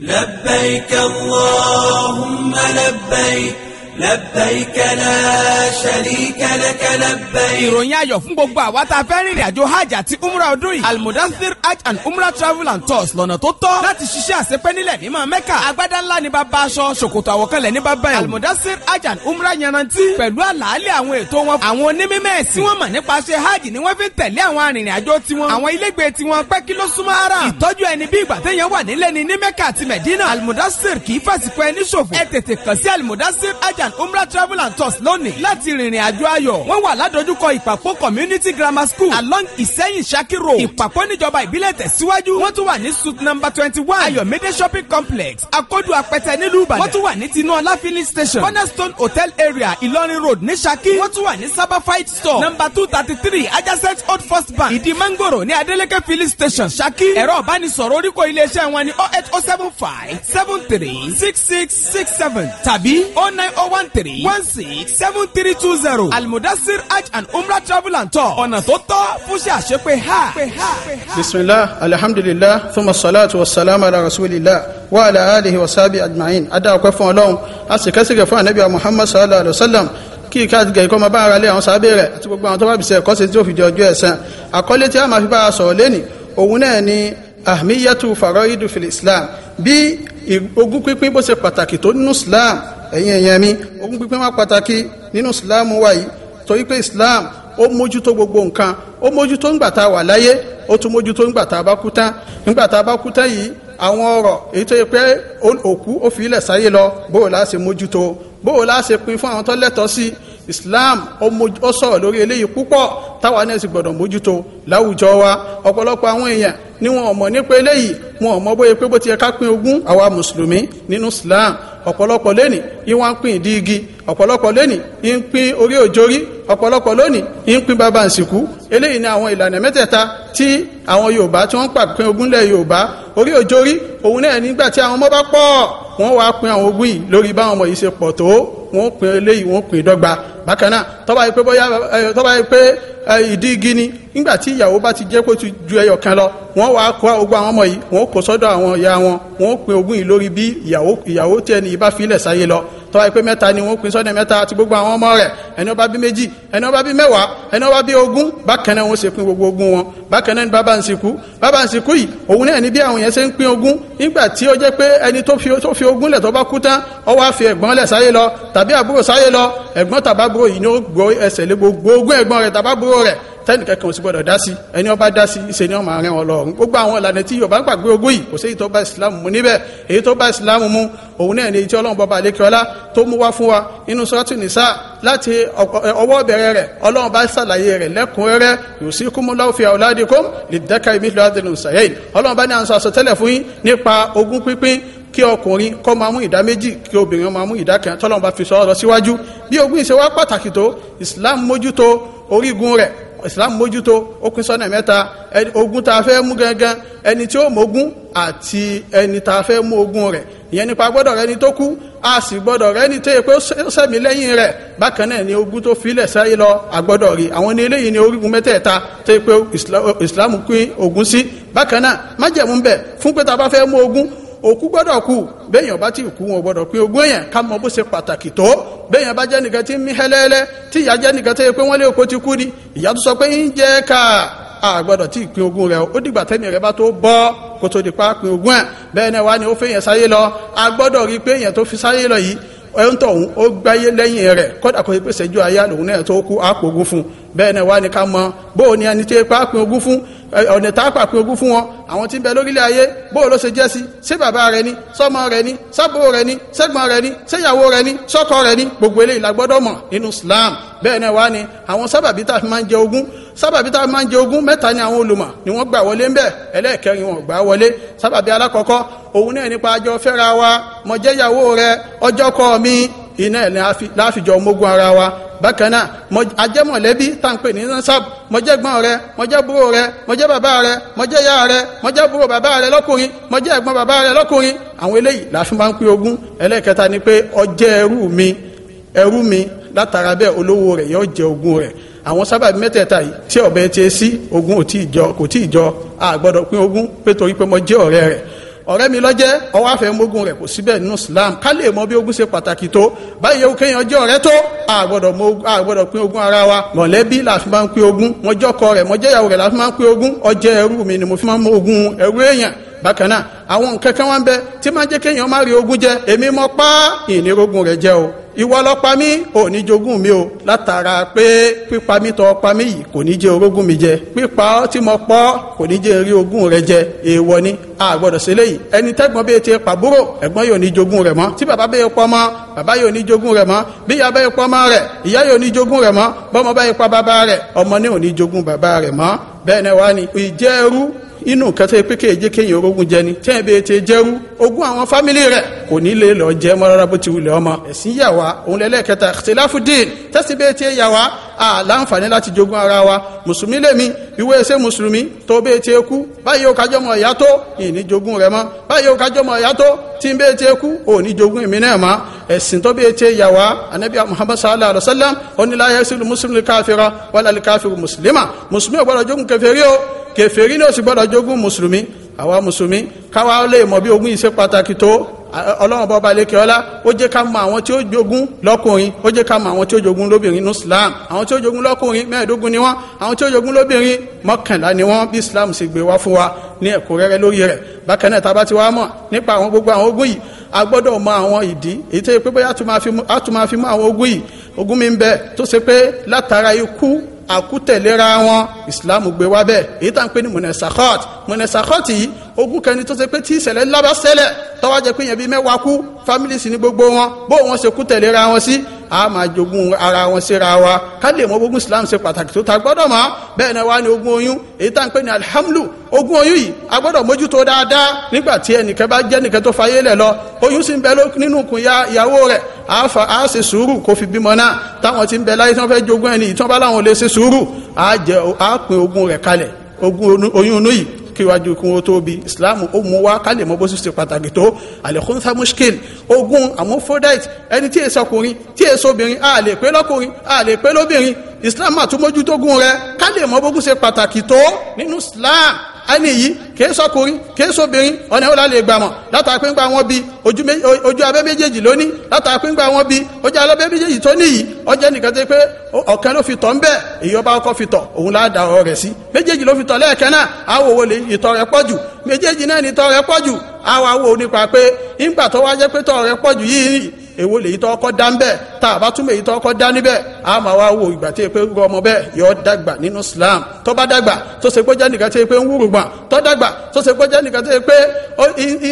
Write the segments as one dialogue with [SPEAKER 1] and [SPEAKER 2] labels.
[SPEAKER 1] لبيك اللهم لبيك لبيك لا شريك لك ìròyìn ayọ̀ fún gbogbo àwa tá a fẹ́ rìnrìn àjò hajj àti umrah ọdún yìí almudathir hajj and umrah travel and tours lọ́nà tó tọ́ láti ṣiṣẹ́ àṣepẹ́ nílẹ̀ mímọ́ mẹ́kà agbádá ńlá ni bàbá aṣọ ṣòkòtò àwọ̀kẹ́lẹ̀ ní bàbá ẹ̀ almudathir hajj and umrah yanrantí pẹ̀lú àlàálẹ̀ àwọn ètò wọn àwọn onímímẹ́ tí wọ́n mọ̀ nípa ṣe hajj ni wọ́n fi ń tẹ̀lé àwọn arìnrìn àjò tiwọn àwọn and umrah travel and tours lónìí láti rìnrìn àjò ayọ̀. wọ́n wà ládojúkọ ìpàpọ̀ community grammar school along ìsẹ́yìn ṣaki road ìpàpọ̀ níjọba ìbílẹ̀ tẹ̀síwájú. wọ́n tún wà ní suit number twenty one ayọ̀mídé shopping complex akódù apẹtẹ nílùú ìbàdàn. wọ́n tún wà ní tinú ọlá filling station cornerstone hotel area ìlọrin road ní ṣaki. wọ́n tún wà ní sabafite store number two thirty three adjacent old first bank ìdí mangoro ní adeleke filling station ṣaki. ẹ̀rọ ìbánisọ̀rọ̀ oríkò iléeṣẹ́ wọn ni oh eight oh seven five seven three six six six seven tàbí oh nine oh one one three one six seven three two zero almudasir hajj and umrah travel and tour ọ̀nà tó tọ́ fún ṣe àṣepé ha.
[SPEAKER 2] bisimilah alhamdulilah thumma salatu wa salam ala rasulillah wa ala alihi wa sabi ajma'in ada ọpẹ́ fún Ọlọ́run a sì kẹsìkẹ fún anabi muhammad sallallahu alayhi wa sallam kí ìka àti gẹ̀ẹ́kọ́ máa bá ara lé àwọn sábẹ́ rẹ̀ àti gbogbo àwọn tó bá bìí ẹ̀kọ́ sí tí ó fi di ọjọ́ ẹ̀san àkọlé tí a máa fi bá a sọ̀rọ̀ lẹ́nìí òun náà ni ahmiyatu faroidu fil islam bí ogún pínpín bó ṣe pàtàkì tó nínú islam ẹ̀yin èèyàn mi ogún pípẹ́ má pàtàkì nínú ìsìláàmù wa yìí torí pé ìsìláàmù ó mójútó gbogbo nǹkan ó mójútó ńgbà tá a wà láyé ó tún mójútó ńgbà tá a bá kú tán ńgbà tá a bá kú tán yìí àwọn ọ̀rọ̀ èyí tó yẹ pé òkú ó fi ilẹ̀ sáyé lọ bóò láà ṣe mójútó bóò láà ṣe pín fún àwọn tó lẹ́tọ̀ọ́ sí islam ó sọ̀rọ̀ lórí eléyìí púpọ̀ táwa náà sì gbọ́dọ̀ mójútó láwùjọ wa ọ̀pọ̀lọpọ̀ àwọn èèyàn ni wọn ò nípa eléyìí wọn ò bóyá pé bó ti yẹ ká pín ogún àwa mùsùlùmí nínú islam ọ̀pọ̀lọpọ̀ lẹ́nì ìwọ̀n ń pín ìdí igi ọ̀pọ̀lọpọ̀ lẹ́nì ń pín orí òjòrí ọ̀pọ̀lọpọ̀ lónìí ń pín bàbá ǹsìnkú eléyìí ni àwọn ìlànà mẹ́tẹ̀ẹ̀ta tí àwọn yorùbá tí wọ́n ń pàpín ogúnlẹ̀ yorùbá orí òjòrí òun náà nígbà tí àwọn ọmọ bá pọ̀ wọ́n wá pín àwọn ogún yìí lórí báwọn ọmọ yìí ṣe pọ̀ tó wọ́n pín eléyìí wọ́n pín dọ́gba bákan náà tọ́ba yìí pé bóyá tọ́ba yìí pé ìdí igi ni nígbà tí ìyàwó bá ti jẹ́ pé ti ju ẹyọ kan lọ wọ́n wá kó ogun àwọn ọmọ yìí wọ́n kó sọ́dọ̀ àwọn ìyá wọn wọ́n pín ogún yìí lórí bí ìyàwó tí ẹni yìí bá filẹ̀ sáyé lọ tọ́ba yìí mẹ́ta ni wọ́n pín sọ́dọ̀ mẹ́ta àti gbogbo àwọn ọmọ rẹ̀ ẹni ó bá bí méjì ẹni ó bá bí mẹ́wàá ẹni ó bá bí ogún bákan náà wọ́n ṣe pín gbogbo ogún wọn bákan ni bàbá ń sìnkú bàbá ń sìnkú yìí òun náà ni bí àwọn yẹn ṣe ń pín ogún nígbà tí ó jẹ́ pé ẹni tó fi ogún lẹ̀ tó bá kú tán ó wá fi ẹ̀gbọ́n lẹ̀ sáyé lọ tàbí àbúrò sáyé lọ ẹ̀gbọ́n tàbábúrò yìí ni ó gbọ́ ẹsẹ̀ lé gbogbo ogún ẹ̀gbọ́n rẹ̀ tàbábúrò rẹ̀ tẹ́nì kẹ́kẹ́ wọn sì gbọ́dọ̀ dá sí ẹni ó dá sí ìṣe ni wọ́n máa rẹ́ wọn gbogbo àwọn ìlànà tí yorùbá ń gbàgbé ogún yìí kò sí èyí tó bá ìsìlámù mu níbẹ̀ èyí tó bá ìsìlámù mu òun náà ni èyí tí ọlọ́run bọ́ba àlékè ọlá tó mú wá fún wa nínú sọ́tún nìsáà láti ọwọ́ bẹ̀rẹ̀ rẹ̀ ọlọ́run bá ṣàlàyé rẹ̀ lẹ́kùnrẹ́rẹ́ yusikumullahu fi auladikum lidhakari mithlu hadhil unsayyin ọlọ́run bá ní à ń sọ àsọtẹ́lẹ̀ fún yín nípa ogún pínpín kí ọkùnrin kó máa mú ìdá méjì kí obìnrin máa mú ìdá kan tọ́lọ́run bá fi sọ ọ́ lọ síwájú bí ogún ìṣe wá pàtàkì tó Islam mójútó orígun rẹ̀ islam mójútó ó pín sọ́nà mẹ́ta ogun tá a fẹ́ mú gangan ẹni tí ó mógún àti ẹni tá a fẹ́ mú ogun rẹ̀ ìyẹn nípa gbọ́dọ̀ rẹ ni tó kú a sì gbọ́dọ̀ rẹ ni tẹ́ pé ó sẹ̀mí lẹ́yìn rẹ̀ bákan náà ni ogun tó filẹ̀ sáyé lọ àgbọ́dọ̀ rí àwọn ní eléyìí ni orígun mẹ́tẹ̀ẹ̀ta tẹ́ pé islam pín ogun sí bákan náà májẹ̀mú ń bẹ fún pé tá a bá fẹ́ mú ogun òkú gbọ́dọ̀ kú bẹ́yàn bá ti kú wọn gbọ́dọ̀ pé ogún èèyàn ká mọ bó ṣe pàtàkì tó bẹ́yàn bá jẹ́ nìkan tí ń mí hẹ́lẹ́ẹ́lẹ́ tí ìyá jẹ́ nìkan tó yẹ pé wọ́n lé oko ti kú ni ìyá tó sọ pé ń jẹ́ ká àgbọ́dọ̀ tí ìpín ogún rẹ̀ ó dìgbà tẹ́mi rẹ̀ bá tó bọ́ kó tó di pa pín ogún ẹ̀ bẹ́ẹ̀ náà wá ni ó fẹ́ yẹn sáyé lọ àgbọ́dọ̀ rí pé èèyàn tó fi sáyé lọ yìí ẹ̀hún tọ̀hún ó gbáyé lẹ́yìn rẹ̀ kọ́dà kó pèsè ju ayé àlòun náà tó kú àpògùn fún bẹ́ẹ̀ náà wá ní ká mọ bóò ni ẹni tí ó pa pín ogún fún ọ̀nà tá a pa pín ogún fún wọn àwọn tí ń bẹ lórílẹ̀ ayé bó ló ṣe jẹ́ sí ṣé bàbá rẹ ni sọmọ rẹ ni sábò rẹ ni sẹ́gbọ̀n rẹ ni sẹ́yàwó rẹ ni sọ́kọ rẹ ni gbogbo eléyìí la gbọ́dọ̀ mọ̀ nínú Islam bẹ́ẹ̀ náà wá ni àwọn sábàbí tá a fi máa ń jẹ ogún sábàbí tá a fi máa ń jẹ ogún mẹ́ta ni àwọn olùmọ̀ ni wọ́n gbà wọlé ń bẹ̀ ẹlẹ́ẹ̀kẹrin wọn gbà wọlé sábàbí alákọ̀ọ́kọ́ òun náà nípa àjọ fẹ́ra wa mọ̀jẹ́yàwó rẹ ọjọ́kọ mi iná ẹ̀ ni láfijọ́ mógún ara wa bákan náà ajẹ́mọ̀lẹ́bí tá à ń pè ní nansab mọ̀jẹ́gbọ́n rẹ mọ̀jẹ́búrò rẹ mọ̀jẹ́bàbá rẹ mọ̀jẹ́yá rẹ mọ̀jẹ́búrò bàbá rẹ lọ́kùnrin mọ̀jẹ́gbọ́n bàbá rẹ lọ́kùnrin àwọn eléyìí láfi máa ń pín ogún ẹlẹ́ẹ̀kẹta ni pé ọjẹ́ ẹrú mi ẹrú mi látara bẹ́ẹ̀ olówó rẹ̀ yóò jẹ ogún rẹ̀ àwọn sábàbí mẹ́tẹ̀ẹ̀ta yìí tí ọ̀bẹ ti sí ogún kò tí ì jọ a gbọ́dọ̀ pín ogún pé torí pé mo jẹ́ ọ̀rẹ́ rẹ̀ ọ̀rẹ́ mi lọ́jẹ́ ọwọ́ àfẹ́ mógún rẹ̀ kò síbẹ̀ nínú Islam ká lè mọ bí ogún ṣe pàtàkì tó báyìí ewu kéèyàn jẹ́ ọ̀rẹ́ tó àgbọ̀dọ̀ pín ogún ara wa mọ̀lẹ́bí la fi máa ń pín ogún mọ́jọ́kọ rẹ̀ mọ́jẹ́yàwó rẹ̀ la fi máa ń pín ogún ọjẹ́ ẹrú mi ni mo fi máa ń mọ ogún ẹrú èèyàn bákan náà àwọn nǹkan kan wọn bẹ tí máa jẹ́ kéèyàn má rí ogún jẹ èmi mọ pa ìnírógún rẹ jẹ o ìwọ ọlọpàá mi ò ní jogún mi o látara pé pípa mi tọ ọpa mi yìí kò ní jẹ orógún mi jẹ pípa tí mo pọ kò ní jẹ rí ogún rẹ jẹ èèwọ̀ ni a gbọ́dọ̀ ṣe léyìí ẹni tẹ́gbọ́n bíi ti pàbúrò ẹ̀gbọ́n yóò ní jogún rẹ̀ mọ́ tí bàbá bíi pọ mọ bàbá yóò ní jogún rẹ̀ mọ́ bí ìyá bíi pọ mọ rẹ̀ ìyá yóò ní jogún rẹ̀ mọ́ bọ́mọ bá yẹ pa bàbá rẹ̀ ọmọ ní ò ní jogún bàbá rẹ̀ mọ́ bẹ́ẹ̀ náà wá ní ìjẹ́rú inú nǹkan tó yẹ pé kéèjé kéèyàn orógún jẹ ni tẹ́ ẹ bẹ́ẹ̀ tẹ jẹ́rú ogún àwọn fámìlì rẹ̀ kò ní lè lọ jẹ́ mọ́ rárá bó ti wulẹ̀ ọmọ ẹ̀sìn yà wá òun lẹ́lẹ́kẹta ṣẹláfùdín tẹ́sí bẹ́ẹ̀ tẹ yà wá a láǹfààní láti jogún ara wa mùsùlùmí lèmi ìwé ẹsẹ mùsùlùmí tó bẹ́ẹ̀ tẹ kú báyìí ó kájọ́ mọ̀ ìyá tó ìní jogún rẹ̀ mọ́ báyìí ó kájọ́ mọ̀ ìyá tó tí ń bẹ́ẹ̀ tẹ kú òní jogún ìmí náà mọ́ ẹ̀sìn tó bẹ́ẹ̀ tẹ yà wá anabi muhammad sallallahu alayhi wa sallam onílàyẹsùlù mùsùlùmí káfíra wàlálì káfíru mùsùlùmá mùsùlùmí ò gbọ́dọ̀ jogún kèfèrí o kèfèrí ní òsì gbọ́dọ̀ jogún mùsùlùmí àwa mùsùlùmí káwa lè mọ̀ bí ogún ìṣe pàtàkì tó ọlọ́run bọ́ba lékè ọlá ó jẹ́ ká mọ àwọn tí ó jogún lọ́kùnrin ó jẹ́ ká mọ àwọn tí ó jogún lóbìnrin ní islam àwọn tí ó jogún lọ́kùnrin mẹ́ẹ̀ẹ́dógún ni wọ́n àwọn tí ó jogún lóbìnrin mọ́kànlá ni wọ́n bí islam sì gbé wá fún wa ní ẹ̀kúnrẹ́rẹ́ lórí rẹ̀ bákan náà tá bá mọ̀ nípa àwọn gbogbo àwọn ogún yìí a gbọ́dọ̀ mọ àwọn ìdí èyí tó yẹ pé bóyá a tún máa fi mú àwọn ogún yìí ogún mi ń bẹ tó ṣe pé látara ikú àkútẹ̀lera wọn islam gbé wá bẹ́ẹ̀ èyí tá à ń pè ní mọ̀nẹ́sàkọ́t mọ̀nẹ́sàkọ́t yìí ogún kan ni tó ṣe pé tí ìṣẹ̀lẹ̀ ńlá bá ṣẹlẹ̀ pé yẹn bíi mẹ́wàá kú fámìlì sí ní gbogbo wọn bó wọn ṣe kútẹ̀lera wọn sí a máa jogún ara wọn síra wa ká lè mọ ogún islam ṣe pàtàkì tó ta gbọ́dọ̀ mọ̀ bẹ́ẹ̀ náà wá ní ogún oyún èyí tá ń pè ní alhamdu ogún oyún yìí a gbọ́dọ̀ mójútó dáadáa nígbà tí ẹnìkan bá jẹ́ nìkan tó fayé lẹ̀ lọ oyún sì ń bẹ nínú kun ya ìyàwó rẹ̀ a fa a ṣe sùúrù kó fi bímọ náà táwọn ti ń bẹ láyé tí wọ́n fẹ́ jogún ẹni ìtàn láwọn lè ṣe sùúrù a jẹ a pín ogún rẹ̀ kalẹ̀ ogún oyún inú yìí kíwájú kí wọ́n tó bi islam ó mú wá kálẹ̀ mọ́ bó sì ṣe pàtàkì tó àlẹ́kùnfà mushkil ogun amorphodite ẹni tí èso ọkùnrin tí èso obìnrin a lè pé lọ́kùnrin a lè pé lóbìnrin islam àtúmójútógún rẹ kálẹ̀ mọ́ bó sì ṣe pàtàkì tó nínú islam ẹni yìí kìí sọkùnrin kìí sóbìnrin ọ̀nà ìwòlá lè gbàmọ̀ látara pé ń gba wọn bí ojú abẹ́ méjèèjì lóní látara pé ń gba wọn bí ojú abẹ́ méjèèjì tó níyì ọjọ́ nìkan tó pé ọ̀kan ló fi tọ̀ ń bẹ̀ èyí ọkọ̀ fi tọ̀ òun lá ọ̀rọ̀ rẹ̀ sí méjèèjì ló fi tọ̀ lẹ́ẹ̀kan náà àwòwò lè ìtọ̀ rẹ̀ pọ̀jù ni ìtọ̀ rẹ̀ pọ̀jù àwọ̀ àwò nípa pé ńgbà tó wá èwo lèyí tó ọkọ dá níbẹ̀ tá a bá tún èyí tó ọkọ dá níbẹ̀ a máa wá wo ìgbà tí pé rú ọmọ bẹ́ẹ̀ yọ dàgbà nínú Islam tó bá dàgbà tó ṣe pé jẹ́ nìkan tí pé ń wúrù gbọ̀n tó dàgbà tó ṣe pé jẹ́ nìkan tí pé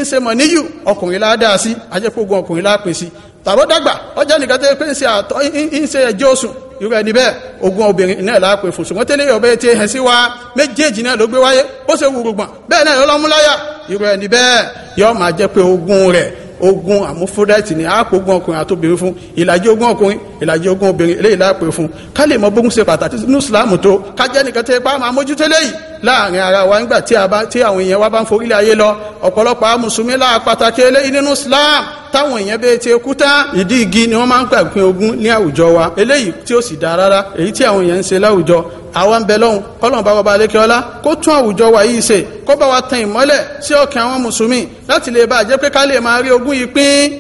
[SPEAKER 2] ń ṣe mọ̀ níyù ọkùnrin ládàá sí ajẹ́pọ̀gùn ọkùnrin lápin sí tàbó dàgbà ọjà nìkan tí pé ń ṣe àtọ́ ń ṣe ẹjọ́ oṣù irú ẹni bẹ́ẹ̀ ogun obìnrin náà láàpẹ̀ fòṣù wọ́n tẹ́lẹ̀ ọ̀bẹ tí hẹ̀ sí wa méjèèjì náà ló gbé wáyé bó ṣe wùrùgbọ̀n bẹ́ẹ̀ náà lọ́múláyà irú ẹni bẹ́ẹ̀ máa jẹ́ pé ogun rẹ̀ ogun àmúfódàtì ni àpògùn ọkùnrin àtòbìnrin fún ìlàjì ogun ọkùnrin ìlàjì ogun obìnrin eléyìí láàpẹ fún ká lè mọ bógun ṣe pàtàkì nínú islam tó ká jẹ́ nìkan tẹ́ pé àmọ́ àmójútó léyìí láàrin ara wa nígbà tí àwọn èèyàn wa bá ń forílẹ̀ ayé lọ ọ̀pọ̀lọpọ̀ amùsùnmí láà pàtàkì eléyìí nínú Islam táwọn èèyàn bẹ́ẹ̀ ti kú ìdí igi ni wọ́n máa ń gbà pín ogún ní àwùjọ wa eléyìí tí ó sì dáa rárá èyí tí àwọn èèyàn ń ṣe láwùjọ àwa ń bẹ lọ́hùn kọ́lọ́n bá wọba lékè ọlá kó tún àwùjọ wa yìí ṣe kó bá wa tan ìmọ́lẹ̀ sí ọkàn àwọn mùsùlùmí láti lè bá a jẹ́ pé ká lè máa rí ogún yìí pín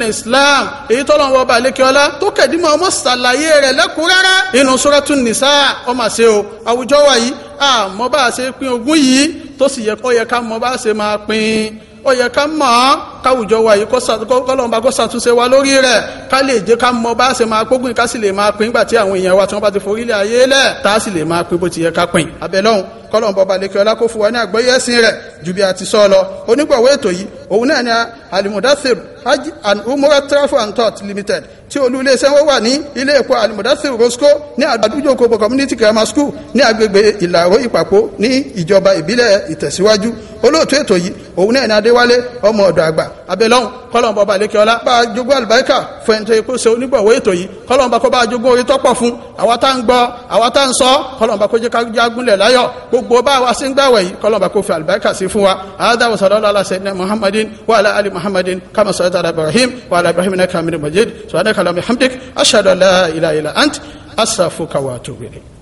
[SPEAKER 2] ní Islam èyí tọ́lọ́n wọba lékè ọlá tó kẹ̀dí mọ́ ọmọ ṣàlàyé rẹ̀ lẹ́kùnrẹ́rẹ́ inú Suratul Nisa ọmọ àṣẹ o àwùjọ wa yìí àmọ́ bá a ṣe pín ogún yìí tó sì yẹ kó yẹ ká mọ̀ bá a ṣe máa pín ó yẹ ká mọ̀ káwùjọ wa yìí kọ́lọ́mùbá kó ṣàtúnṣe wa lórí rẹ̀ ká lè jẹ́ ká mọ̀ bá a ṣe máa pógun ká sì lè máa pín gbàtí àwọn èèyàn wa tí wọ́n bá ti forílẹ̀ ayé lẹ̀ tá a sì lè máa pín bó ti yẹ ká pín abẹ́lọ́hùn kọ́lọ́mùbá ọba lẹ́kẹ́ ọlá kó fún wa ní àgbọ́yé ẹ̀sìn rẹ̀ ju bí a ti sọ lọ onígbọ̀wọ́ ètò yìí òun náà ni alimudathir and umrah and thought limited tí olú iléeṣẹ́ wọn wà ní ilé ẹ̀kọ́ alimọ̀dásí rosco ní àdúgbò kobo community grammar school ní agbègbè ìlàró ìpàpọ̀ ní ìjọba ìbílẹ̀ ìtẹ̀síwájú olóòtú ètò yìí òun náà ní adéwálé ọmọ ọ̀dọ̀ àgbà abẹ́lọ́hùn kọ́lọ́mù bàbá lẹ́kẹ́ọ́lá bá a jogún àlùbáríkà fẹ̀yìntì kó ṣe onígbọ̀wé ètò yìí kọ́lọ́mù bá kó bá a jogún orí tọ́pọ̀ fún àwa tá ń gbọ́ àwa tá ń sọ kọ́lọ́mù bá jẹ́ ká láyọ̀ gbogbo bá wa sí ń gbàwẹ̀ yìí kọ́lọ́mù bá kó fi àlùbáríkà sí fún wa muhammadin wa ali muhammadin kama sọ̀rọ̀ tàdà ibrahim wa ibrahim náà kàmínú majid sọ̀rọ̀ subhanaka la bihamdik ashhadu an la ilaha illa ant astaghfiruka wa atubu ilayk